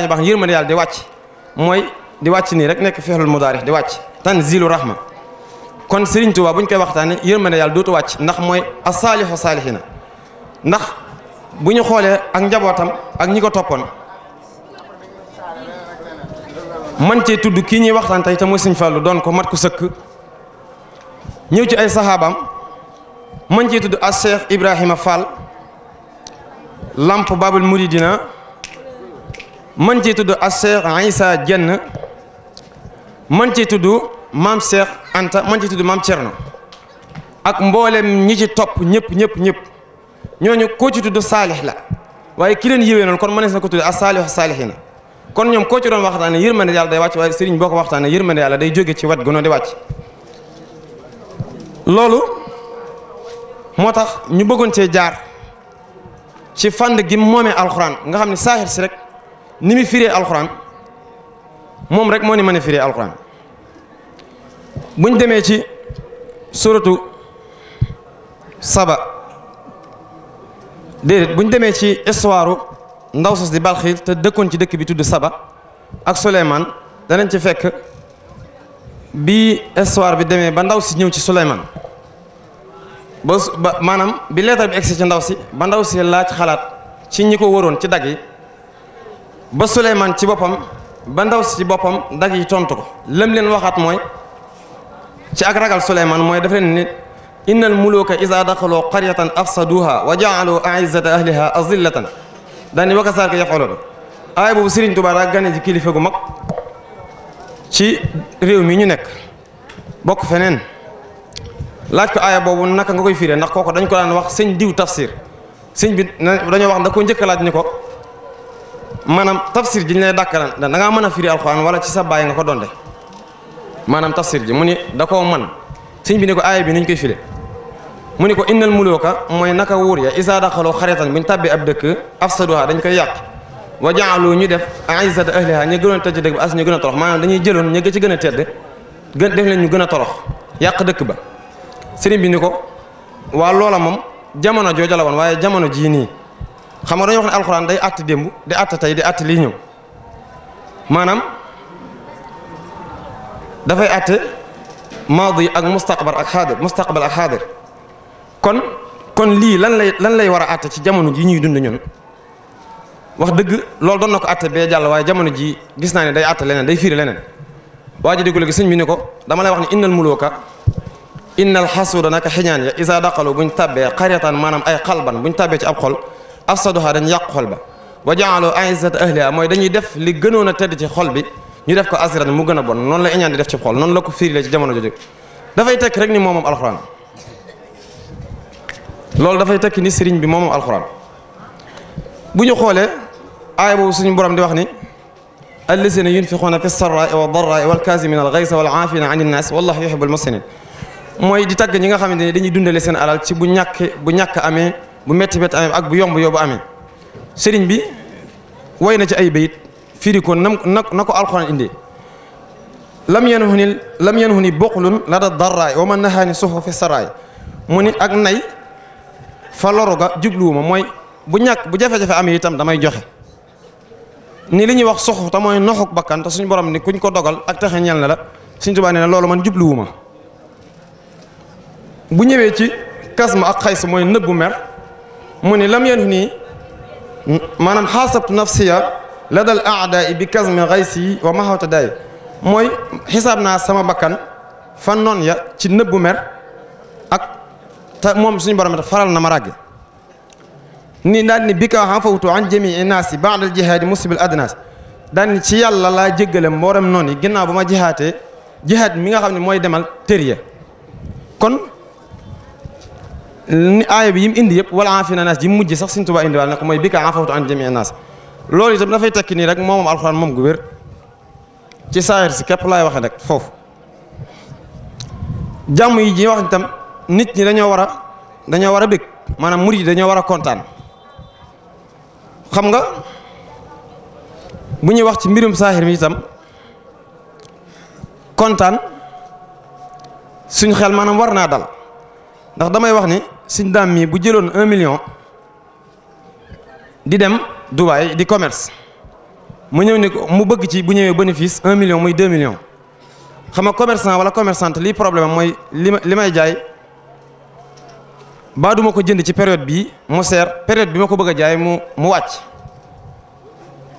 melokaan yu yërmande yàlla di wàcc mooy di wàcc nii rek nekk fexlul mudaarix di wàcc tanzilu rahma kon Serigne Touba bu ñu koy waxtaanee yërmande yàlla dootu wàcc ndax mooy a asaalixu saalixina ndax bu ñu xoolee ak njabootam ak ñi ko toppoon man cee tudd ki ñuy waxtaan tey te mooy Serigne Fallou doon ko mat ku sëkk ñëw ci ay saxaabaam man cee tudd as Cheikh Ibrahima Fall lamp Babul Muridina man ci tudd ak Cheikh Issa Diène man ci tudd maam Cheikh Anta man ci tudd maam Thierno ak mboolem ñi ci topp ñëpp ñëpp ñëpp ñooñu koo ci tudd saalix la waaye ki leen yéwee noonu kon mënees na ko tudd ak saalixu saalixina kon ñoom koo ci doon waxtaane yërmande yàlla day wàcc waaye sëriñ boo ko waxtaane yërmande yàlla day jóge ci wet gu noonu di wàcc loolu moo tax ñu bëggoon cee jaar ci fànn gi moomee alxuraan nga xam ne saaxir si rek ni mu firee alxuraan moom rek moo ni mën a firee alxuraan buñ demee ci suratu saba déedéet buñ demee ci histoire ndaw sos di balxiil te dëkkoon ci dëkk bi tudd saba ak Souleymane danañ ci fekk bi histoire bi demee ba ndaw si ñëw ci Souleymane ba maanaam bi leetar bi egsi ci ndaw si ba ndaw si laaj xalaat ci ñi ko waroon ci dag yi ba Souleymane ci boppam ba ndaw si ci boppam dag yi tontu ko lam leen waxaat mooy ci ak ragal Souleymane mooy daf leen ni innal muluka iza daxaloo qaryatan afsaduha wa ja'alu a'izzata ahliha azillatan daani wa kasaalika yaf'aluun aay boobu Serigne Touba daa ji kilifa gu mag ci réew mi ñu nekk bokk feneen laaj ko aaya boobu naka nga koy firee ndax kooku dañ ko daan wax sëñ diw tafsir sëñ bi dañoo wax da ko njëkk laaj ni ko maanaam tafsir ji ñu lay dàkkaran da ngaa mën a firi alxuraan wala ci sa baay nga ko donte maanaam tafsir ji mu ni da koo man sëñ bi ne ko aaya bi nañ koy file mu ni ko innal ka mooy naka wuur ya isaa daxaloo xaritan bu ñu tàbbee ab dëkk afsaduha dañ koy yàq wa jaalu ñu def aizata ahliha ñu gënoon tedd dëkk ba as gën a torox maanaam dañuy jëloon ñu ci gën a tedd gën def leen ñu gën a torox yàq dëkk ba sëriñ bindi ni ko waa loola moom jamono jooja la woon waaye jamono jii nii xam nga dañoo wax ne alxuraan day àtt démb di àtt tey di àtt lii ñëw maanaam dafay àtt maadi ak mustaqbal ak xaadir mustaqbal ak xaadir kon kon lii lan lay lan lay war a àtt ci jamono ji ñuy dund ñun wax dëgg lool doon na ko àtte bee jàll waaye jamono ji gis naa ne day àtte leneen day fiir leneen waa ji déggu léegi sëñ bi ne ko dama lay wax ne innal muluka innal xasuuda naka xiñaan ya isa daqalu buñ tàbbee xariatan maanaam ay xalban buñ tàbbee ci ab xol afsaduha dañ yàq xol ba wa jaalo aizata ahliha mooy dañuy def li gënoon a tedd ci xol bi ñu def ko asiran mu gën a bon noon la iñaan di def ci xol noonu la ko fiiri la ci jamono jooju dafay tekk rek ni moomam alxuraan loolu dafay tekk ni sëriñ bi moomam alxuraan bu ñu xoolee aaya boobu suñu borom di wax ni allazina yunfiquuna fi sarraai wa darraai wal kaazimina al gaysa wal aafina an innaas wallahu yuhibbul muhsinin mooy di tagg ñi nga xamante ne dañu dundale seen alal ci bu ñàkk bu ñàkk amee bu metti métti amee ak bu yomb yomb amee sëriñ bi way na ci ay bayit firi ko nam na ko alxuraan indee lam yen hu ni lam yen hu ni boqulun la da darraay wa ma naxaa soxo fi saraay mu ni ak nay fa loru ga jubluwuma mooy bu ñàkk bu jafe-jafe amee itam damay joxe nii li ñuy wax soxu te mooy noxuk bakkan te suñu borom ni kuñ ko dogal ak taxe ñel ne la suñ tubaa nee loolu man jubluwuma bu ñëwee ci kas ma ak xays mooy nëbbu mer mu ni lam yen nii maanaam xaasabtu nafsiya ladal aadaai bi kasmi xaysi wa maxawta day mooy xisaab naa sama bakkan fan noon ya ci nëbbu mer ak te moom suñu borom faral na ma ràgge nii daal ni bi ka xam fawtu an jamii naas yi baadal jihaadi musibil adnaas daal ni ci yàlla laa jéggale mboolem noon yi ginnaaw ba ma jihaatee jihaat mi nga xam ne mooy demal tër ni bi yi mu indi yëpp wala afina naas ji mu mujj sax Sëriñ Tuubaa indiwaal na ko mooy bi ka afawtu an jamii naas loolu nii rek moom alxuraan moom gu wér ci képp laay waxee rek foofu jàmm yi ji wax nit ñi dañoo war a dañoo war a bég maanaam murid yi dañoo war a kontaan xam nga bu ñuy wax ci mbirum saahir mi itam kontaan suñu xel maanaam war naa dal ndax damay wax ni suñ daam mii bu jëloon un million di dem Dubaay di commerce mu ñëw ni ko mu bëgg ci bu ñëwee bénéfice un million muy deux millions xam nga commerçant wala commerçante lii problème mooy li li may jaay baa duma ko jënd ci période bii mu seer période bi ma ko bëgg jaay mu mu wàcc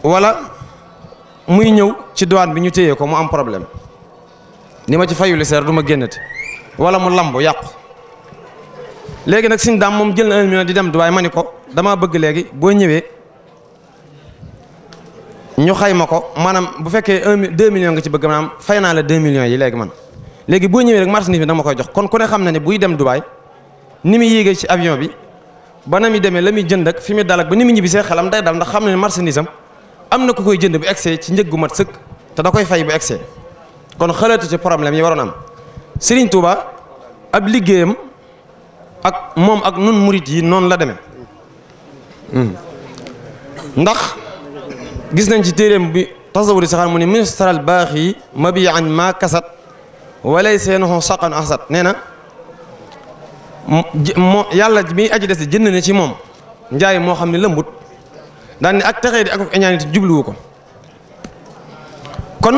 wala muy ñëw ci douane bi ñu téye ko mu am problème ni ma ci fayu seer du ma génnati wala mu lamb yàqu léegi nag suñu daam moom jël na un million di dem Dubaay ma ni ko damaa bëgg léegi boo ñëwee ñu xayma ko maanaam bu fekkee un deux millions nga ci bëgg am fay naa la deux millions yi léegi man léegi boo ñëwee rek marchandise bi danga ma koy jox kon ku ne xam na ne buy dem Dubaay ni muy yéegee ci avion bi ba na muy demee la muy jënd ak fi muy dal ba ni mu ñibbisee xelam day dal ndax xam na ne marchandise am am na ku koy jënd bu egsee ci njëggu mat sëkk te da koy fay bu egsee kon xalaatu ci problème yi waroon am Serigne Touba ab liggéeyam. ak moom ak nun murit yi noonu la demee hmm. ndax gis nañ ci téeréem bi tasawuri saxaan mu ne ministral baax yi mabi an maa kasat walay seenoo saqan asat nee na moo yàlla mi aji des jënd na ci moom njaay moo xam ne lëmbut daan ne ak texee di ak iñaanit jubluwu ko kon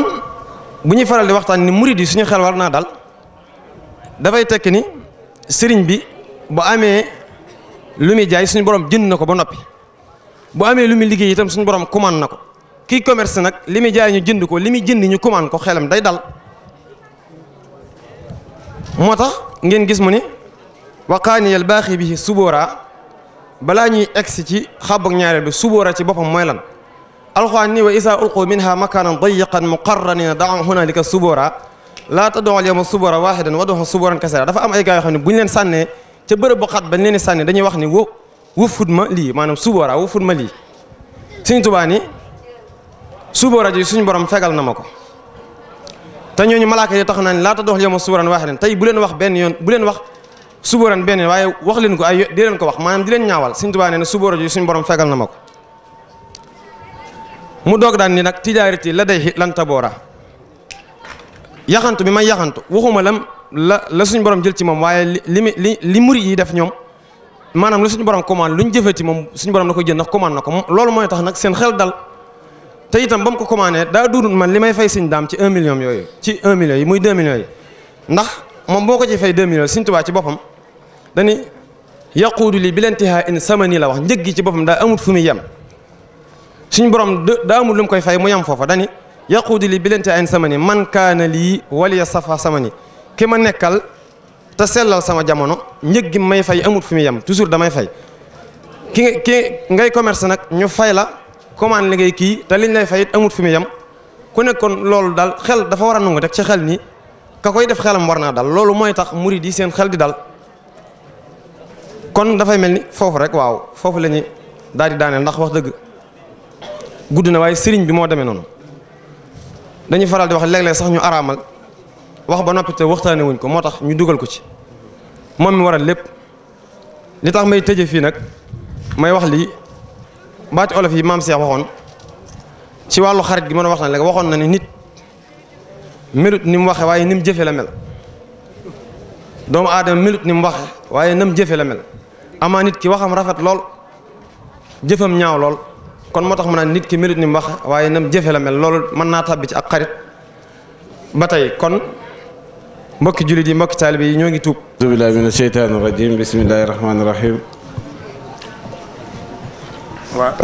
bu ñuy faral di waxtaan ni murit yi suñu xel war naa dal dafay tekki ni sëriñ bi boo amee lu muy jaay suñu borom jënd na ko ba noppi boo amee lu muy liggéey itam suñu borom commande na ko kii commerce nag li muy jaay ñu jënd ko li muy jënd ñu commande ko xelam day dal moo tax ngeen gis mu ni waqaaniyal baaxi bi subóora balaa ñuy egsi ci xàbbak ñaareel bi subóora ci boppam mooy lan alxuraan ni wa isaa ulqu minha makaanan dayiqan muqarranina daaw hunalika subóora laa tadoo al yawma subóora waaxidan wa doo subóoran kasira dafa am ay gaa bu ñu leen sànnee ca bërëb bu xat ba nee ni sànni dañuy wax ni wo wëfut ma lii maanaam suboora wëfut ma lii Sëriñ Tuubaa ni suboora ji suñu borom fegal na ma ko te ñooñu malaaka yi tax naa ne laata dox yow ma subooran waaxe leen tey bu leen wax benn yoon bu leen wax subooran benn yoon waaye wax leen ko ay di leen ko wax maanaam di leen ñaawal Sëriñ Tuubaa nee na suboora ji suñu borom fegal na ma ko mu doog daan ni nag tijaariti la day lan taboora yaxantu bi may yaxantu waxuma la la suñu borom jël ci moom waaye li li li li murid yi def ñoom maanaam lu suñu borom commande lu ñu jëfee ci moom suñu borom da koy jël ndax na ko loolu mooy tax nag seen xel dal te itam ba mu ko commandé daa duudul man li may fay sëñ daam ci 1 million yooyu ci 1 million yi muy 2 millions yi ndax moom boo ko ci fay 2 millions sëñ Tuubaa ci boppam dani yaquudu li bi lentihaa in samani la wax njëg ci boppam daa amul fu muy yem suñu borom daa amul lu mu koy fay mu yem foofa dani yaquudu li bi lentihaa in samani man kaana lii waliya safa samani ki ma nekkal te sellal sama jamono njëg may fay amut fu muy yem toujours damay fay ki ki ngay commerce nag ñu fay la commande liggéey kii te liñ lay fay it amut fu muy yem ku kon loolu dal xel dafa war a nangu rek ci xel nii ka koy def xelam war naa dal loolu mooy tax murid yi seen xel di dal kon dafay mel ni foofu rek waaw foofu lañuy ñuy daal di daaneel ndax wax dëgg gudd na waaye sëriñ bi moo demee noonu dañuy faral di wax léeg-léeg sax ñu araamal wax ba noppi te waxtaane wuñ ko moo tax ñu dugal ko ci moom mi waral lépp li tax may tëje fii nag may wax lii baati olof yi maam Seex waxoon ci wàllu xarit gi mën a waxtaan waxoon na nit melut ni mu waxe waaye ni mu jëfe la mel doomu ni mu waaye nam jëfe la mel amaa nit ki waxam rafet lool jëfam ñaaw lool kon moo tax mu naan nit ki melut ni mu waxe waaye nam jëfe la mel loolu mën naa tàbbi ci ak xarit ba tey kon mbokki jullit yi mbokki taalibe yi ñoo ngi tuub auzu billaahi mina sheytaani rajiim bismillaahi rahmaani rahiim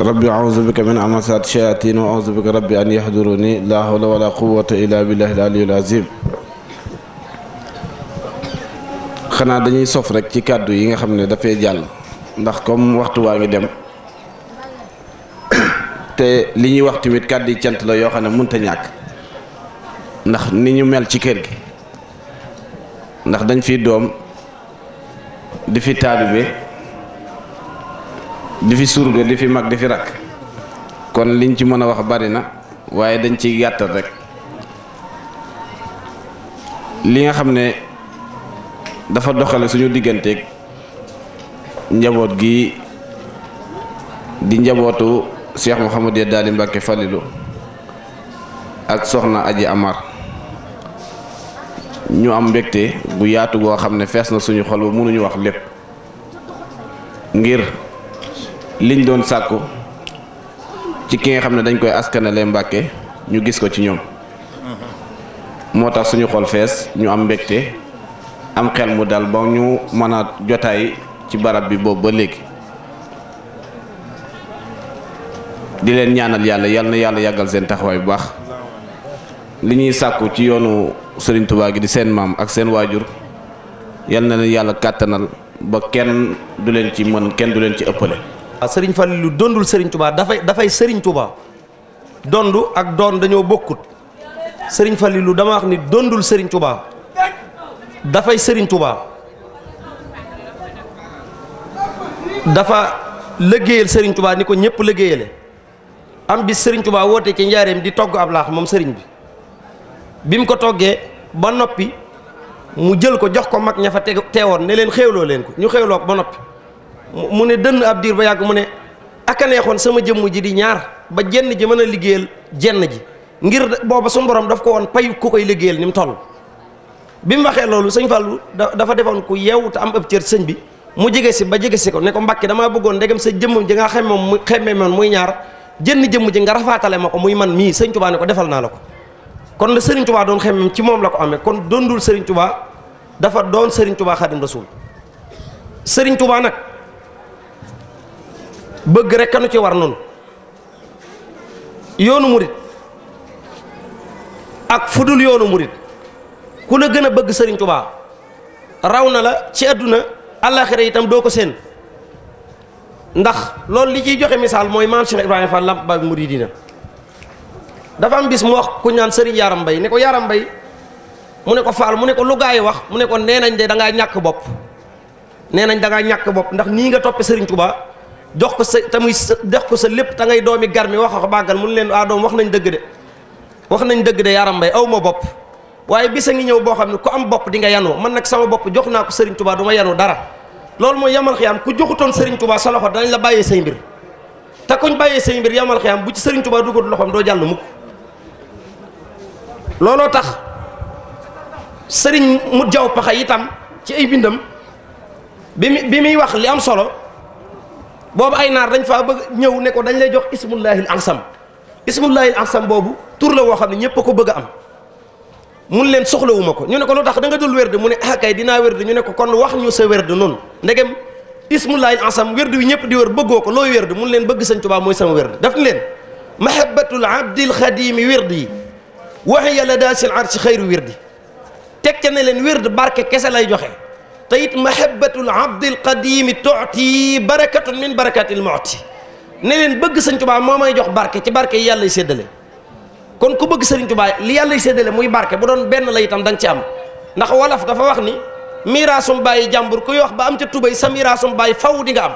rabbi auzu bika min amasaati shayaatiin wa auzu bika rabbi an yahduruni laa hawla wala quwwata illaa billaahi al-aliyyil aziim xanaa dañuy sof rek ci kàddu yi nga xam ne dafay jàll ndax comme waxtu waa ngi dem te li ñuy wax tamit kàddu yi cant la yoo xam ne mënta ñàkk ndax ni ñu mel ci kër gi ndax dañ fi doom di fi taalibe di fi surga di fi mag di fi rakk kon liñ ci mën a wax bari na waaye dañ ciy gàttal rek li nga xam ne dafa doxale suñu digganteeg njaboot gi di njabootu Cheikh Mouhamadou Yadaali Mbacke Falilou ak soxna Aji Amar ñu am mbégte bu yaatu goo xam ne fees na suñu xol ba mënuñu wax lépp ngir liñ doon sàkku ci ki nga xam ne dañ koy askanale Mbàkke ñu gis ko ci ñoom moo tax suñu xol fees ñu am mbégte am xel mu dal ba ñu mën a jotaay ci barab bi boobu ba léegi di leen ñaanal yàlla yal na yàlla yàggal seen taxawaay bu baax li ñuy sàkku ci yoonu sëriñ Tuubaa gi di seen maam ak seen waajur yal na leen yàlla kàttanal ba kenn du leen ci mën kenn du leen ci ëppale. waaw sëriñ Fallu dondul sëriñ Tuubaa dafay dafay sëriñ Tuubaa ak doon dañoo bokkut sëriñ Fallu dama wax dondul sëriñ Tuubaa dafay sëriñ Tuubaa dafa liggéeyal sëriñ Tuubaa ni ko ñëpp liggéeyale am bis sëriñ Tuubaa woote ci njaareem di togg ab laax moom sëriñ bi. bi mu ko toggee ba noppi mu jël ko jox ko mag ña fa teg teewoon ne leen xéewloo leen ko ñu xéewloo ko ba noppi mu ne dënn ab diir ba yàgg mu ne aka sama jëmm ji di ñaar ba jenn ji mën a liggéeyal jenn ji ngir booba suñu borom daf ko woon pay ku ni mu toll bi mu waxee loolu sëñ Fallou dafa defoon ku yeewu te am sëñ bi mu jege si ba jege si ko ne ko mbàkke damaa bëggoon ndegam sa jëmmam ji nga xemmeem muy xemmeemoon muy ñaar jënn jëmm ji nga rafaatale ma ko muy man mii sëñ Tuubaa ne ko defal naa la ko kon la Serigne Touba doon xemem ci moom la ko amee kon dondul Serigne Touba dafa doon Serigne Touba Xadim Rasul sëriñ Touba nag bëgg rek kanu ci war noonu yoonu murit ak fudul yoonu murit ku la gën a bëgg sëriñ Touba raw na la ci àdduna àllaaxira itam doo ko seen ndax lool li ciy joxe misaal mooy maam Cheikh Ibrahima Fall Lamp Baabul Muridiina dafa am bis mu wax ku ñaan sëriñ Yaram Mbay ne ko Yaram Mbay mu ne ko Faal mu ne ko lu gaa yi wax mu ne ko nee nañ de da ñàkk bopp nee nañ da ngaa ñàkk bopp ndax nii nga toppe sëriñ tubaa jox ko sa tamuy jox ko sa lépp ta ngay doomi garmi wax ko bàggal mun leen a ah doom wax nañ dëgg wax nañ dëgg de Yaram Mbay aw ma bopp waaye bis a ngi ñëw boo xam ne ku am bopp di nga yanoo man nag sama bopp jox naa ko sëriñ Tuubaa ma yanoo dara loolu mooy yamal xiyaam ku joxutoon sëriñ Tuubaa sa loxo danañ la bàyyee say mbir te kuñ bàyyee say mbir yamal xiyaam bu ci sëriñ Tuubaa dugal loxoom doo jàll mukk looloo tax sëriñ mu jaw paxa itam ci ay bindam bi mi bi muy wax li am solo boobu ay naar dañ faa bëgg ñëw ne ko dañ lay jox ismullahil ansam ismullahil ansam boobu tur la woo xam ne ñëpp ko bëgg am mun leen soxlawuma ko ñu ne ko lu tax da nga dul wérde mu ne ah kay ñu ne ko kon wax ñu sa wérde noonu ndegem ismullahil ansam wérde wi ñëpp di wër bëggoo ko looy wérde mun leen bëgg sëñ Tuubaa mooy sama wérde daf ni leen mahabbatul abdil xadimi wérde yi waxi yàlla daa sil arsi xayru wirdi teg ca ne leen wird barke kese lay joxe te it mahabbatul abdil qadimi tuuti barakatun min barakatil muti ne leen bëgg sëñ Tuubaa moo may jox barke ci barke yi yàlla séddale kon ku bëgg sëriñ Tuubaa li yàlla séddale muy barke bu doon benn la itam da ci am ndax wolof dafa wax ni miraasum bàyyi jàmbur kuy wax ba am ca tubay sa miraasum bàyyi faw di nga am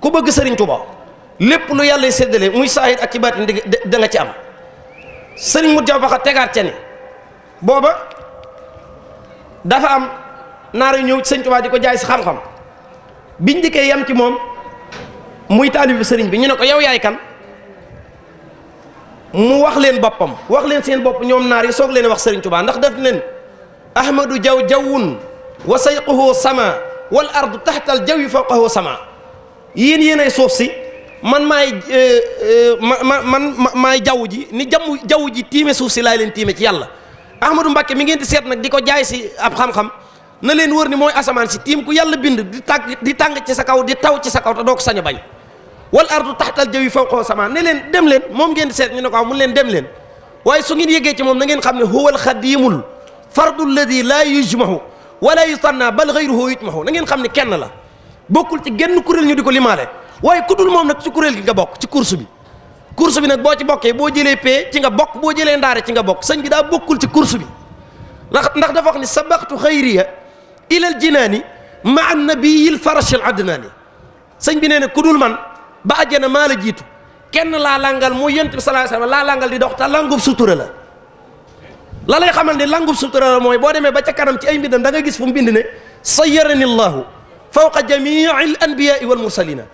ku bëgg sëriñ Tuubaa lépp lu yàlla séddale muy saahir ak ci baatin da nga ci am sëriñ Mut Jaw Baxa tegaat ca booba dafa am naar yu ñëw sëñ Tuubaa di ko jaay si xam-xam biñ dikkee yam ci moom muy taalibu sëriñ bi ñu ne ko yow yaay kan mu wax leen boppam wax leen seen bopp ñoom naar yi soog leen wax sëriñ Tuubaa ndax def leen ahmadu jaw jawwun wa sayquhu sama wal ardu taxta al jawi fawqahu sama yéen yéen ay suuf si man maay euh, euh, ma ma man maay jaww ji ni jamu jaw ji tiime suuf si laay leen tiime ci yàlla Ahmadou Mbacke mi ngeen di seet nag di ko jaay si ab xam-xam na leen war ni mooy asamaan si tiim ku yàlla bind di tàng di tàng ci sa kaw di taw ci sa kaw te doo ko sañ a bañ wal ardu taxtal jawi fawqoo samaan ne leen dem leen moom ngeen di seet ñu ne ko mun leen dem leen waaye su ngeen yëgee ci moom na ngeen xam ne huwal xadimul fardu lladi laa yujmahu wala yutanna bal xayruhu yujmahu na ngeen xam ne kenn la bokkul ci genn kuréel ñu di ko limaale waaye ku moom nag ci kuréel gi nga bokk ci course bi course bi nag boo ci bokkee boo jëlee pee ci nga bokk boo jëlee ndaare ci nga bokk sëñ bi daa bokkul ci course bi ndax ndax dafa wax ni sabaxtu xayriya ilal jinaani maa nabiyil farashil adnaani sëñ bi nee na ku man ba àjjana maa la jiitu kenn laa langal mu yent bi sallallahu laa langal dox te langub sutura la la lay xamal ni mooy boo demee ba ca kanam ci ay mbindam da nga gis fu mu bind ne sayyarani llahu fawqa jamii al anbiyaai wal mursalina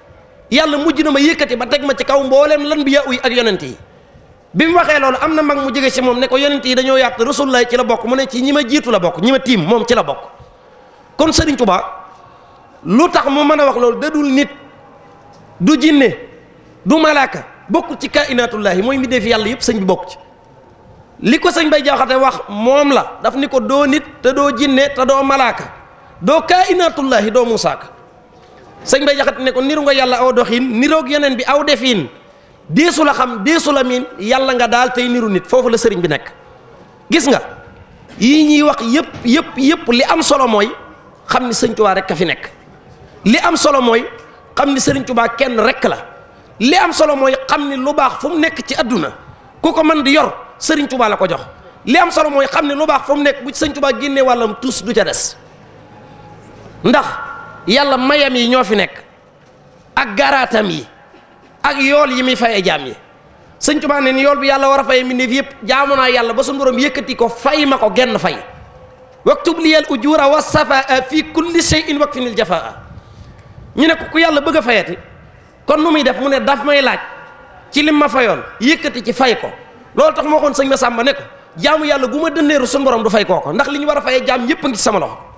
yàlla mujj na ma yëkkati ba teg ma ci kaw mbooleem lan bi yàqu yi ak yonent yi bi mu waxee loolu am na mag mu jege si moom ne ko yonent yi dañoo yàq rasulullaay ci la bokk mu ne ci ñi ma jiitu la bokk ñi ma tiim moom ci la bokk kon Serigne Touba lu tax mu mën a wax loolu da dul nit du jinne du malaaka bokk ci kainaatullaahi mooy mi fi yàlla yëpp sëñ bi bokk ci li ko sëñ bay jaaxate wax moom la daf ni ko doo nit te doo jinne te doo malaaka doo kainaatullaahi doo muusaaka sëñ bay jaxat ne ko niru nga yàlla aw doxin niroog yeneen bi aw defin deesu la xam deesu la miin yàlla nga daal tey niru nit foofu la sëriñ bi nekk gis nga yi ñuy wax yëpp yëpp yëpp li am solo mooy xam ni sëñ Tuubaa rek a fi nekk li am solo mooy xam ni sëriñ Tuubaa kenn rek la li am solo mooy xam ni lu baax fu mu nekk ci àdduna ku ko mën di yor sëriñ Tuubaa la ko jox li am solo mooy xam ni lu baax fu mu nekk bu sëñ Tuubaa génnee wàllam tuus du ca des ndax yàlla mayam yi ñoo fi nekk ak garaatam yi ak yool yi muy fayee jaam yi sëñ Tuubaa ne ni yool bi yàlla war a faye fayee mbindéef yëpp jaamu naa yàlla ba suñu borom yëkkati ko fay ma ko genn fay waktub liyal a wa safaa fi kulli shay'in wakfinil jafaa ñu nekk ku yàlla bëgg a fayati kon nu muy def mu ne daf may laaj ci lim ma fayoon yëkkati ci fay ko loolu tax ma waxoon sëñ ma sàmba ne ko jaamu yàlla gu ma dëndeeru suñu borom du fay koo ko ndax li ñu war a fayee jaam yëpp ngi sama loxo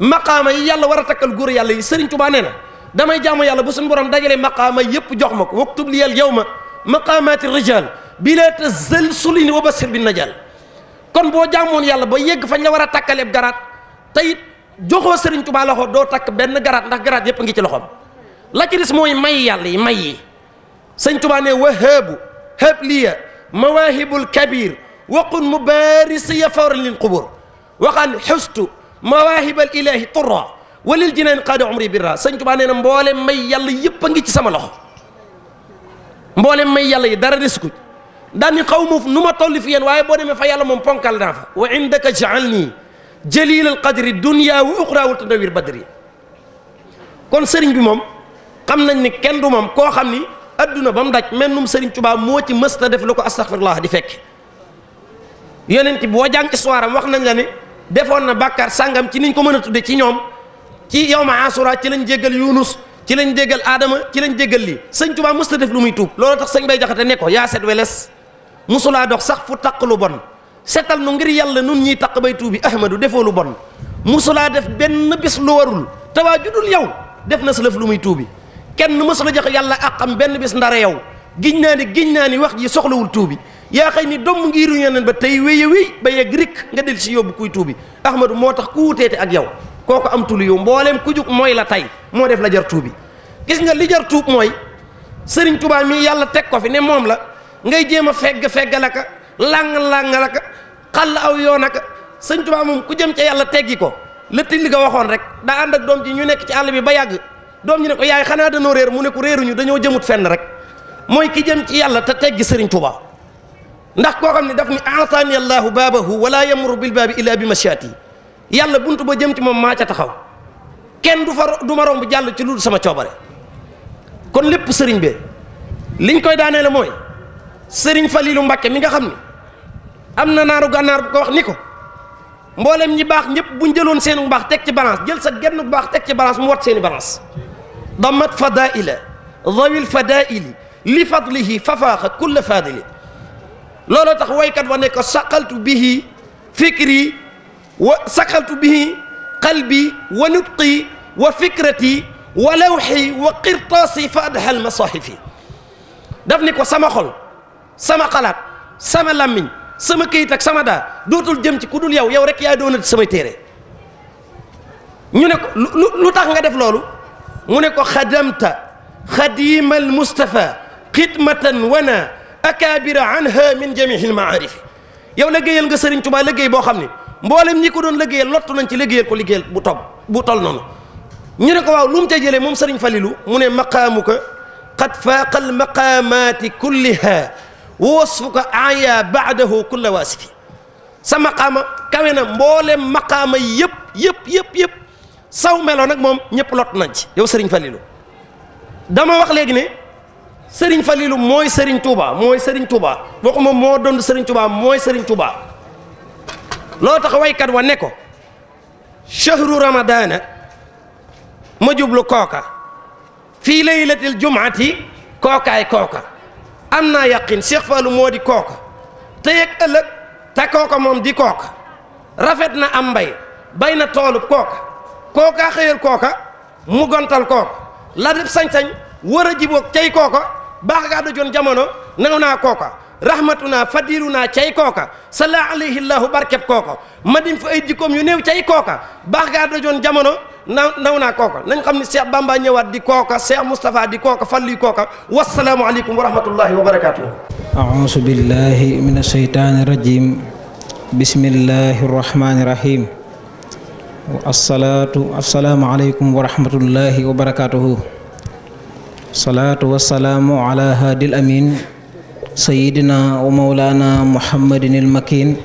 maqaama yi yàlla war a takkal góor yàlla yi sëriñ Tuubaa nee na damay jaamu yàlla bu suñu borom dajalee maqaama yëpp jox ma ko waktub liyal yawma maqaamaati rijaal bilaa tazalzulin wa basir bi najaal kon boo jaamoon yàlla boo yegg fañ la war a takkaleeb garaat tayit joxoo sëriñ Tuubaa loxo doo takk benn garaat ndax garaat yëpp ngi ci loxoom la ci des mooy may yàlla yi may yi sëñ Tuubaa ne wahaabu habliya mawaahibul kabir waqun mubaarisiya fawran lil qubur waxaan xustu mawaahibal ilaahi turra walil jinaan qaada umri birra sëñ Tuubaa nee na mboole may yàlla yëpp a ngi ci sama loxo mboole may yàlla yi dara des ko daan ni xaw ma nu ma toll fi yéen waaye boo demee fa yàlla moom ponkal naa fa wa indaka jaal nii jalil al qadri dunya wa uxra wa tadawir badri kon sëriñ bi moom xam nañ ni kenn du moom koo xam ni adduna ba mu daj mennum sëriñ Tuubaa moo ci mësta def la ko astaghfirullah di fekk yonent bi boo jàng histoire am wax nañ la ne defoon na bàkkar sàngam ci niñ ko mën a tudde ci ñoom ci yow ma asura ci lañ jéggal yunus ci lañ jéggal aadama ci lañ jéggal lii sëñ Tuubaa mës ta def lu muy tuub loolu tax sañ bay jaxate ne ko yaa set weles musulaa dox sax fu taq lu bon setal nu ngir yàlla nun ñuy taq bay tuubi ahmadu defoo lu bon musulaa def benn bis lu warul te waa judul yow def na si lëf lu muy tuubi kenn mësula jox yàlla àqam benn bis ndara yow giñ naa ni giñ naa ni wax ji soxlawul tuubi yaa xëy ni doom ngiru yeneen ba tey wéy ba yegg rikk nga del si yóbbu kuy tuubi ahmadu moo tax ku wuteete ak yow kooku am tulu yow mbooleem ku jug mooy la tey moo def la jar tuubi gis nga li jar tuub mooy sëriñ tubaa mii yàlla teg ko fi ne moom la ngay jéem a fegg fegg la ka làng-làng la ka xàll aw yoon aka sëriñ tubaa moom ku jëm ca yàlla teggi ko lëtti li nga waxoon rek daa ànd ak doom ñu nekk ci àll bi ba yàgg doom ji ne ko yaay xanaa danoo réer mu ne ko réeruñu dañoo jëmut fenn rek mooy ki jëm ci yàlla te teggi sëriñ tubaa ndax koo xam ne daf ni aataani allahu baabahu walaa yamuru bil baabi illa bi mashaati yàlla bunt ba jëm ci moom maa taxaw kenn du fa du ma romb jàll ci lu sama coobare kon lépp sëriñ bi liñ koy daanee mooy sëriñ fa liilu mbakke mi nga xam ni am na naaru gànnaar bu ko wax ni ko mboolem ñi baax ñëpp buñ jëloon seen bu baax teg ci balance jël sa genn bu baax teg ci balance mu wat seeni balance damat fadaila dawil fadaili li fadlihi fafaaxa kulla fadili loolu tax waykat wa ne saqaltu bihi fikri wa saqaltu bihi qalbi wa nutqi wa fikrati wa lawxi wa qirtaasi fa adhal masaahifi daf ni ko sama xol sama xalaat sama làmmiñ sama këyit ak sama daa dootul jëm ci ku dul yow yow rek yaay doonati samay téere ñu ne ko lu tax nga def loolu mu ne ko xadamta xadiimal Mustafa xidmatan wana akaabira anha min jamiihil maarifi yow liggéeyal nga Sëriñ Tuubaa liggéey boo xam ne mboolem ñi ko doon liggéeyal lottu nañ ci liggéeyal ko liggéeyal bu toog bu tol noonu ñu ne ko waaw lu mu ca jëlee moom Sëriñ Falilu mu ne maqaamuka qad faaqa al maqaamaati kulliha wa wasfuka aya baadahu kulla waasifi sa maqaama kawe na mboolem maqaama yëpp yëpp yëpp yëpp saw meloo nag moom ñëpp lott nañ ci yow Sëriñ Falilu dama wax léegi sëriñ Falilu mooy sëriñ Touba mooy sëriñ Touba waxuma moo dond sëriñ Touba mooy sëriñ Touba loo tax waykat wa ne ko chahru ramadana ma jublu kooka fii laylatil jumaati kookaay kooka am naa yaqin Cheikh Fallou moo di kooka tey ak ëllëg te kooka moom di kooka rafet na am mbay bay na toolub kooka kooka xëyal kooka mu gontal kooka la def sañ-sañ war a jiboog cay kooka baax gaa dojoon jamono naw naa kooka rahmatuna fadilu naa cay kooka salla alayhi llaahu barkeb kooka ma dim fa ay jikkoom yu néew cay kooka baax gaa dojoon jamono naw naw naa kooka nañ xam ne Cheikh Bamba ñëwaat di kooka Cheikh Moustapha di kooka falluy kooka wasalaamu aleykum wa rahmatullahi wa barakatuh aousu salaatu wassalaamu ala haadil amin sayidina wa mawlaana muhammadin il makin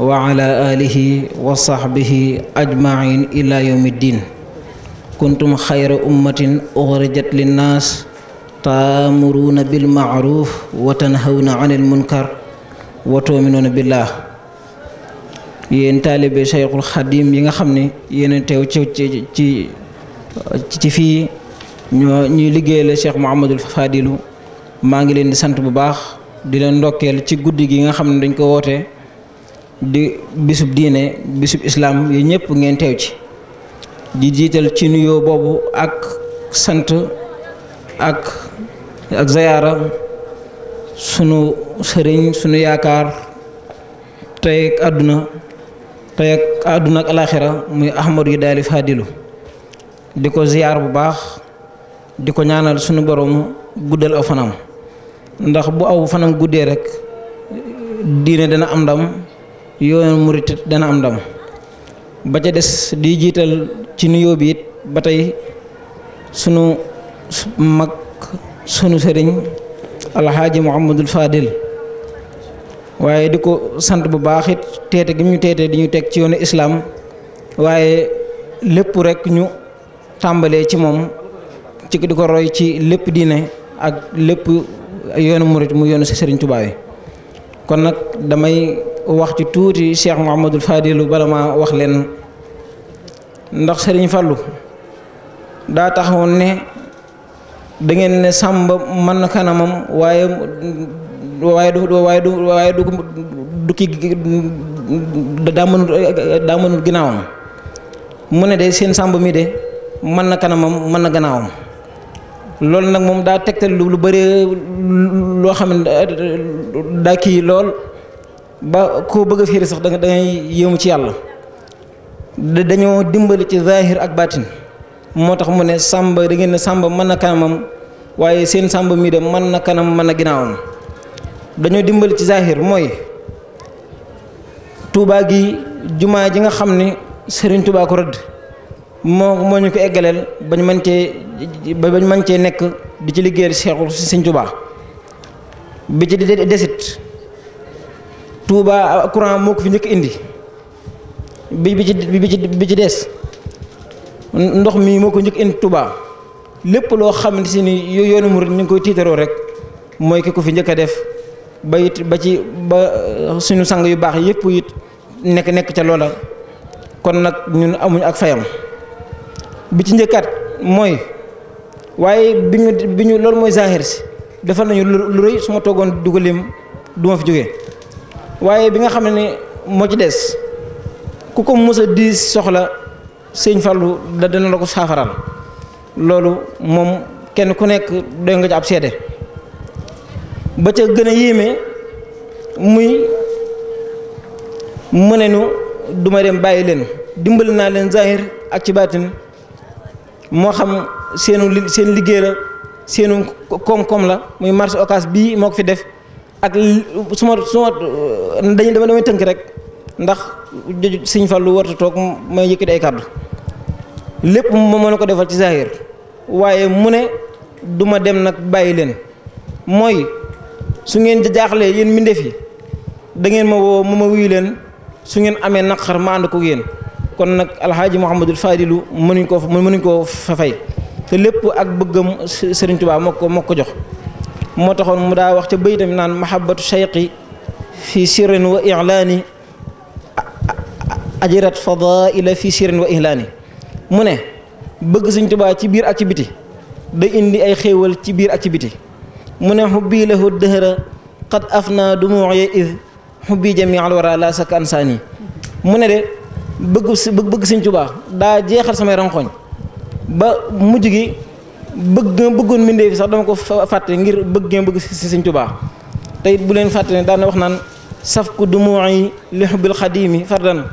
wa ala alihi wa sahbihi ajmain ila yawmi ddin kuntum xayra ummatin uxrijat linnaas taamuruuna bil maaruf wa tanhawna anil munkar wa tuuminuuna billah yéen taalibe Cheikhul Xadim yi nga xam ne yéen teew ci ci ci fii ñoo ñuy liggéeyal Cheikh Mouhamadul Fadilu maa ngi leen di sant bu baax di leen ndokkeel ci guddi gi nga xam ne dañ ko woote di bisub diine bisub islaam yi ñëpp ngeen teew ci di jiital ci nuyoo boobu ak sant ak ak ziyaara sunu sëriñ sunu yaakaar tey ak àdduna tey ak àdduna ak alaaxira muy Ahmadu Yadaali Fadilu di ko ziyaar bu baax di ko ñaanal sunu borom guddal aw fanam ndax bu aw fanam guddee rek diine dana am ndam yoonu murit dana am ndam ba ca des di jiital ci nuyoo bi it ba tey sunu mag sunu sëriñ alxaaji Muhammadul Fadil waaye di ko sant bu baax it teete gi ñu teete di ñu teg ci yoonu islaam waaye lépp rekk ñu tàmbalee ci moom ci di ko roy ci lépp diine ak lépp yoonu murit mu yoonu si Serigne Touba yi kon nag damay wax ci tuuti Cheikh Mouhamadul Fadilu bala ma wax leen ndax Serigne Fallou daa taxawoon ne da ngeen ne sàmba mën kanamam waaye waaye du waaye du waaye ki daa mënul daa mënul ginnaawam mu ne de seen sàmb mi de mën na kanamam mën na gannaawam loolu nag moom daa tegtal lu bëree loo xam ne eh, daa kii lool ba ko bëgg a fiiri sax danga ngay yéemu ci yàlla dañoo dimbali ci zahir ak baatin moo tax mu ne sàmba da ngeen ne sàmba mën na kanamam waaye seen sàmba mii de man na kanam mën na ginnaawam dañoo dimbali ci zahir mooy Touba gi jumaa ji nga xam ne sëriñ Touba ko rëdd moo moo ñu ko eggaleel ba ñu mën cee ba ñu mën cee nekk di ci liggéeyal Seexul Sëñ Tuubaa bi ci desit Touba courant moo ko fi njëkk indi bi bi ci bi ci des ndox mi moo ko njëkk indi Touba lépp loo xamante si ni yooyu yoonu murit ñu ngi koy tiitaroo rek mooy ki ko fi njëkk a def ba it ba ci ba uh, suñu sang yu baax yëpp it nekk nekk ca loola kon nag ñun amuñ ak fayam. bi ci njëkkaat mooy waaye bi ñu bi ñu loolu mooy zahir si defal nañu lu rëy su ma toogoon dugalim du fi jógee waaye bi nga xam ne moo ci des ku ko mës a soxla sëñ Fallou da dana la ko saafaral loolu moom kenn ku nekk doy nga ci ab seede ba ca gën a yéeme muy mu ne nu duma dem bàyyi leen dimbali naa leen zahir ak ci baatin moo xam seenu seen liggéey la seenu koom-koom la muy marché Ocass bii moo ko fi def ak su ma su ma dañu damay tënk rek ndax sëñ Fallou warta toog may yëkkati ay kàddu lépp moom moo la ko defal ci zahir waaye mu ne duma dem nag bàyyi leen mooy su ngeen jaaxlee yéen mbindéef yi da ngeen ma woo ma ma wuyu leen su ngeen amee naqar ma ànd ko yéen kon nag alxaaji Mouhamadul Fadilu mënuñ koo mënuñ koo fa fay te lépp ak bëggam Sëriñ Tuubaa moo ko moo ko jox moo taxoon mu daa wax ca bëyitam naan mahabbatu cheyqi fi sirrin wa ilaani ajirat fadaila fi sirrin wa ilaani mu ne bëgg Sëriñ Tuubaa ci biir ak ci biti day indi ay xéewal ci biir ak ci biti mu ne xubbi lahu dëhëra qad afna dumuuye id xubbi jami alwara la saka ansaani mu ne de bëgg si bëgg Sëñ Tuubaa daa jeexal samay ronkoñ ba mujj gi bëgg bëggoon mbindee sax dama ko fàtte ngir bëgg nga bëgg si Sëñ Tuubaa te it bu leen fàtte ne daana wax naan saf ku dumuuy li xubbil xadiimi fardan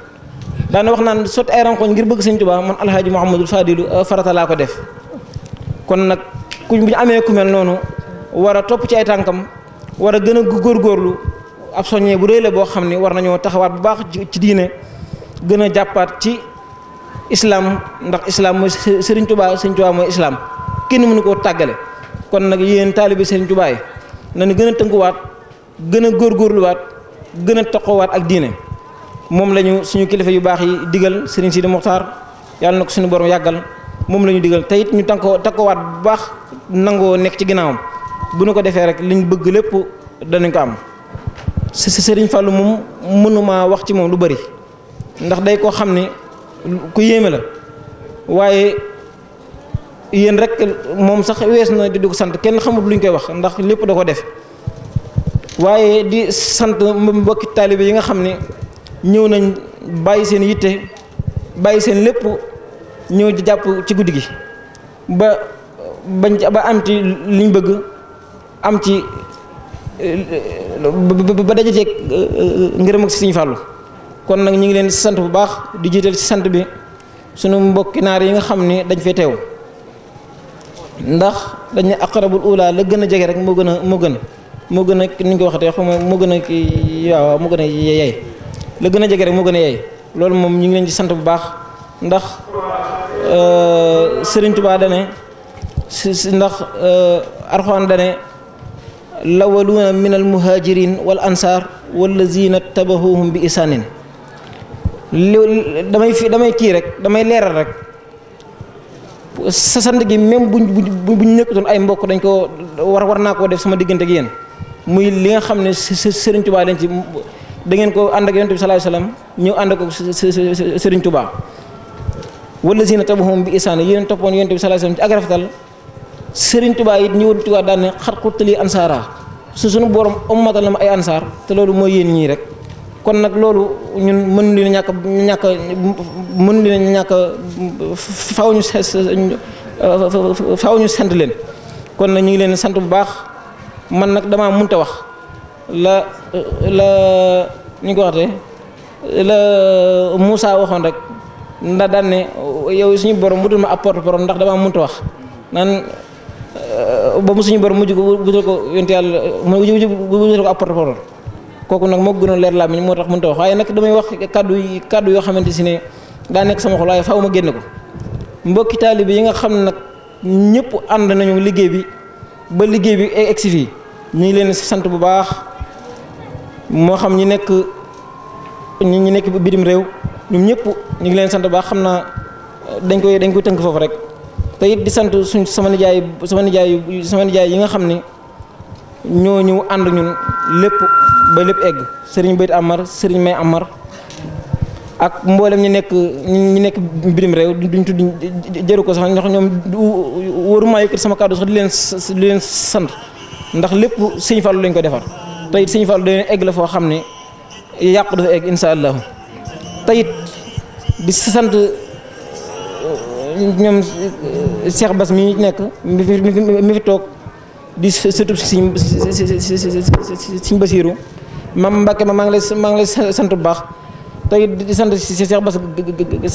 daana wax naan sotti ay ronkoñ ngir bëgg Sëñ Tuubaa man alxaaji Muhammadul Fadilu uh, farata laa ko def kon nag kuñ bu ñu amee ku mel noonu war a topp ci ay tànkam war a gën a góorgóorlu ab soññee bu rëy la boo xam ne war nañoo taxawaat bu baax ci diine gën a jàppaat ci islaam ndax islam mooy sëriñ Tuubaa sëriñ Tuubaa mooy islaam kenn mënu koo tàggale kon nag yéen taalibi sëriñ Tuubaa yi nañu gën a tënkuwaat gën a góorluwaat gën a toqowaat ak diine moom lañu suñu kilifa yu baax yi digal sëriñ Sidi Muxtaar yàlla na ko suñu borom yàggal moom la ñu digal te it ñu tànkoo takkowaat bu baax nangoo nekk ci ginnaawam bu nu ko defee rek liñ bëgg lépp danañ ko am si sëriñ Fallou moom mënuma wax ci moom lu bari ndax day koo xam ne ku yéeme la waaye yéen rek moom sax wees na di dugg sant kenn xamut luñ koy wax ndax lépp da ko def waaye di sant mbokki taalibe yi nga xam ne ñëw nañ bàyyi seen yitte bàyyi seen lépp ñëw jàpp ci guddi gi ba bañ ba am ci liñ bëgg am ci ba daje ci ngërëm ak Sëriñ Fàllu kon nag ñu ngi leen di sant bu baax di jiital ci sant bi sunu mbokki naar yi nga xam ni dañ fee teew ndax dañ aqrabul ula la gën a jege rek moo gën a moo gën moo gën a ni ko waxatee xuma moo gën a kii waaw a yey la gën a jege rek moo loolu moom ñu ngi leen di sant bu baax ndax euh, Sëriñ Tuubaa dane si si ndax euh, Alxuraan dane lawaluuna min al muhajirin wal ansaar wallazina tabahuhum bi isanin li damay fi damay kii rek damay leeral rek sa sant gi même buñ buñ nekkutoon ay mbokk dañ ko war war naa koo def sama diggante ak yéen muy li nga xam ne Serigne Touba dañ ci da ko ànd ak yonent bi sallallahu alayhi wasallam ñëw ànd ak Serigne Touba wallazina tabahum bi isaan yéen toppoon yonent bi sallallahu alayhi wasallam ci ak rafetal Serigne Touba it su sunu borom ummatal na ma ay ansaar te loolu mooy yéen ñii rek. kon nag loolu ñun mën li ñàkk ñàkk mën li ñàkk faw ñu euh, faw ñu sant leen kon nag ñu ngi leen sant bu baax man nag damaa mënta wax la la ñu ko waxte la Moussa waxoon rek ndax daan ne yow suñu borom mu dul ma apporte borom ndax damaa mënta wax naan euh, ba mu suñu borom mujj ko wutal ko yonte yàlla mujj ko apporte borom kooku nag moo gënoon leer làmmiñ moo tax mënut a wax waaye nag damay wax kàddu kàddu yoo xamante si ne daa nekk sama xol waaye faaw ma génn ko mbokki taalibe yi nga xam ne nag ñëpp ànd nañu liggéey bi ba liggéey bi e-, egsi fii ñu ngi leen sant bu baax moo xam ñi nekk ñi ñi nekk bitim réew ñoom ñëpp ñu ngi leen sant baax xam na dañ koy dañ koy tënk foofu rek te it di sant suñ sama nijaay sama nijaay sama nijaay yi nga xam ni ñoo ñëw ànd ñun lépp ba lépp egg sëriñ Bayit Amar sëriñ May Amar ak mboolem ñi nekk ñi nekk birim réew duñ tudd jëru ko sax ndax ñoom waruma yëkkati sama kàddu sax di leen di sant ndax lépp sëñ Fallou lañ ko defar te it sëñ Fallou dañu egg la foo xam ne yàq dafa egg insha allahu te di sant uh, ñoom uh, Cheikh Bass mi nekk mi fi toog. di sëtub siñ siñ Basiiru mam Mbàkke ma maa ngi lay maa ngi lay sant bu baax tey di sant si Cheikh Bass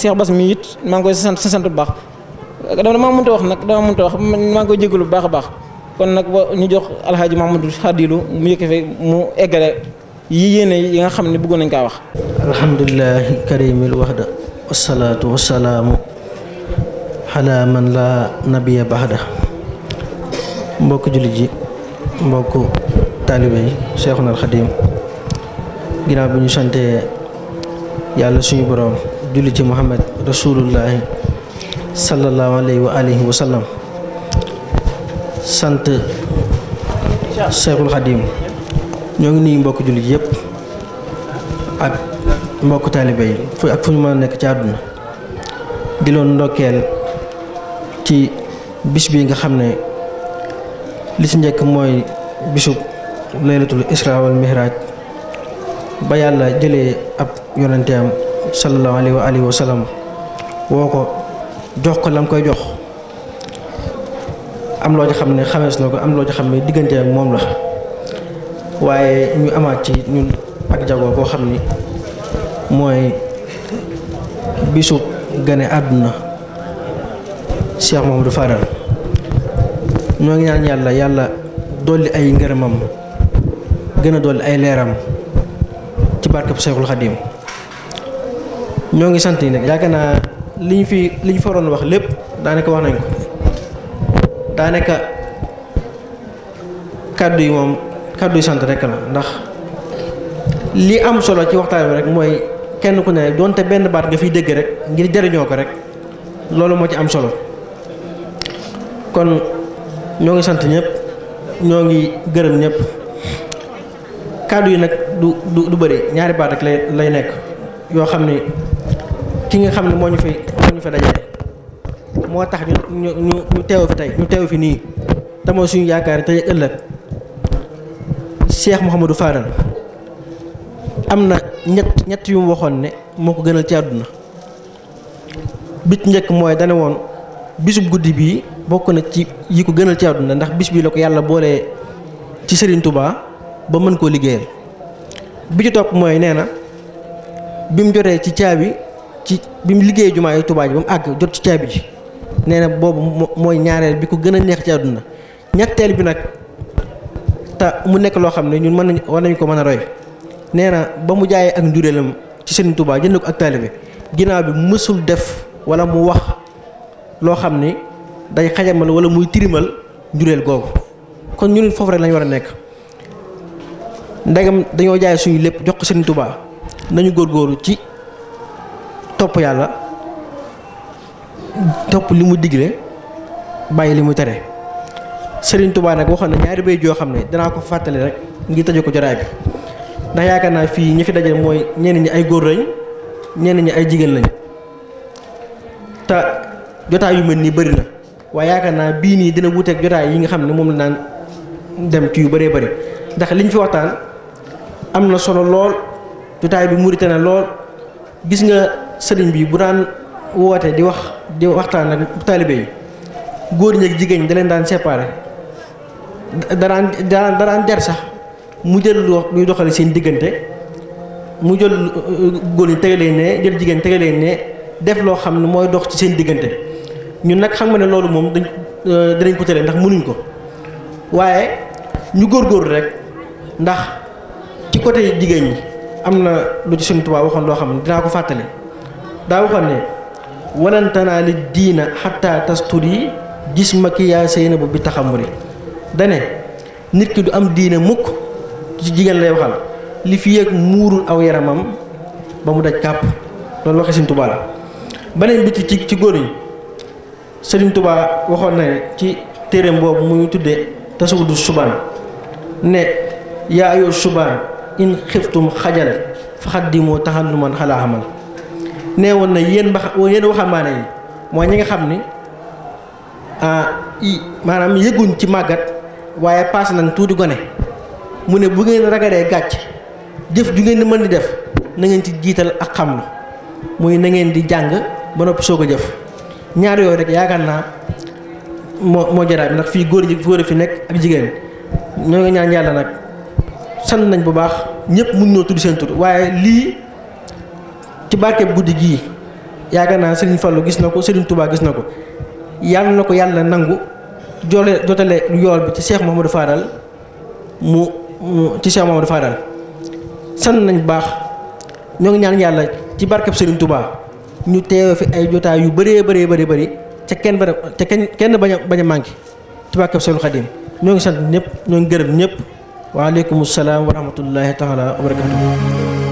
Cheikh Bass mi it maa ngi koy sant si sant bu baax dama maa mënta wax nag dama mënta wax maa ngi koy jégalu bu baax a baax kon nag ñu jox alxaaji Mamadou Fadilou mu yëkke fe mu eggale yi yéene yi nga xam ne bëggoon nañ kaa wax alhamdulilahi karimil waxda wasalaatu wasalaamu ala man la nabiya baxda mbokk jullit ji mbokk taalibe yi Seexunal Xadiim ginnaaw bi ñu santee yàlla suñu borom julli ci Muhammad rasulullahi sallallahu alayhi wa alihi wa sallam sant Seexul Xadiim ñoo ngi nuyu mbokk jullit yëpp ak mbokk taalibe yi fu ak fu ñu mën nekk ci àdduna di loon ndokkeel ci bis bi nga xam ne li ci njëkk mooy bisub laylatul isra wal mihraj ba yàlla jëlee ab yonenteem sallallahu alayhi wa alihi woo ko jox ko lam koy jox am loo ci xam ne xamees na ko am loo ci xam ne diggante ak moom la waaye ñu amaat ci ñun ak jagoo boo xam ni mooy bisub gane àdduna Cheikh du Fadal ñoo ngi ñaan yàlla yàlla dolli ay ngërëmam gën a dolli ay leeram ci barkab Seexul Xadiim ñoo ngi sant yi nag yaakaar naa li ñu fi li ñu faroon wax lépp daanaka wax nañ ko daanaka kàddu yi moom kàddu yi sant rek la ndax li am solo ci waxtaan wi rek mooy kenn ku ne doonte benn baat nga fiy dégg rek ngir jëriñoo ko rek loolu moo ci am solo kon ñoo ngi sant ñëpp ñoo ngi gërëm ñépp kàddu yi nag du du du bëri ñaari baat rek lay lay nekk yoo xam ni ki nga xam ne moo ñu fi moo ñu tax ñu ñu ñu teew fi tey ñu teew fi nii te suñu yaakaar tey ëllëg Cheikh Mouhamadou Fadal am na ñett ñett yu waxoon ne moo ko gënal ci àdduna bit njëkk mooy dane woon bisub guddi bii bokk na ci yi ko gënal ci àdduna ndax bis bi la ko yàlla boolee ci Serigne Touba ba mën koo liggéeyal bi ci topp mooy nee na bi mu jotee ci caabi ci bi mu liggéey jumaa yi Touba ji ba mu àgg jot ci caabi ji nee na boobu mooy ñaareel bi ko gën a neex ci àdduna ñetteel bi nag te mu nekk loo xam ne ñun mën nañ war nañ ko mën a roy nee na ba mu jaayee ak njureelam ci Serigne Touba jënd ko ak taalibe ginnaaw bi mësul def wala mu wax loo xam ni day xajamal wala muy tirimal njureel googu kon ñun foofu rek lañu war a nekk ndegam dañoo jaay suñu lépp jox ko Sëriñ Tuubaa nañu góorgóorlu ci topp yàlla topp li mu digle bàyyi li mu tere Sëriñ Tuubaa nag waxoon na ñaari bay joo xam ne danaa ko fàttali rek ngir tëjee ko jaraay bi ndax yaakaar naa fii ñi fi daje mooy ñenn ñi ay góor lañ ñenn ñi ay jigéen lañ te jotaay yu mel nii bari na waaye yaakaar naa bii nii dina wuuteeg jotaay yi nga xam ne moom la naan dem ci yu bëree bëri ndax liñ fi waxtaan am na solo lool jotaay bi murite na lool gis nga sëriñ bi bu daan woote di wax di waxtaan ak taalibe yi góor ñi ak jigéen ñi daleen daan séparé daraan daraan der sax mu jël luy doxale seen diggante mu jël uh, góor ñi lay ne jël jigéen tegaleen ne def loo xam ne mooy dox ci seen diggante ñun nag xam nga ne loolu moom dañ euh, dinañ ko tëlee ndax mënuñ ko waaye ñu góor góor rek ndax ci côté jigéen ñi am na lu ci Sëriñ Tuubaa waxoon loo xam ne dinaa ko fàttali daa waxoon ne wanantanaa li diina xataa tastur yi gis ma ki yaa sëy na bu bi taxamuri dane nit ki du am diina mukk ci jigéen lay waxal li fi yéeg muurul aw yaramam ba mu daj kàpp loolu waxe Sëriñ la beneen bi ci ci góor ñi Sëriñ Tuubaa waxoon na ci téereem mboobu muy tuddee tasawudu subaan ne yaa ayoo subaan in xiftum xajal faxaddimu taxalluman xalaa xamal nee woon na yéen ba yéen waxambaane yi mooy ñi nga xam ni ah, maanaam yëguñ ci màggat waaye paas nañ tuuti gone mu ne bu ngeen ragalee gàcc jëf ju ngeen di mën di def na ngeen ci jiital ak xam lu muy na ngeen di jàng ba noppi soog a jëf ñaar yooyu rek yaakaar naa moo moo jaraat ndax fii góor ji góor fi nekk ak jigéen ñoo ngi ñaan yàlla nag sant nañ bu baax ñëpp mun ñoo tudd seen tur waaye lii ci barkeb guddi gii yaakaar naa Serigne Fallou gis na ko Serigne tubaa gis na ko yàlla na ko yàlla nangu joole jotale yool bi ci Cheikh Mouhamadou Fadal mu ci Cheikh Mouhamadou Fadal sant nañ bu baax ñoo ngi ñaan yàlla ci barkeb Serigne Touba. ñu teewe fi ay jotaay yu bëree bëree bëri bëri ca kenn ba ca kenn bañ a bañ a manqué ci barkeb Seexul Xadiim ñoo ngi sant ñëpp ñoo ngi gërëm ñëpp waaleykum salaam wa rahmatullahi taala wa barakatuh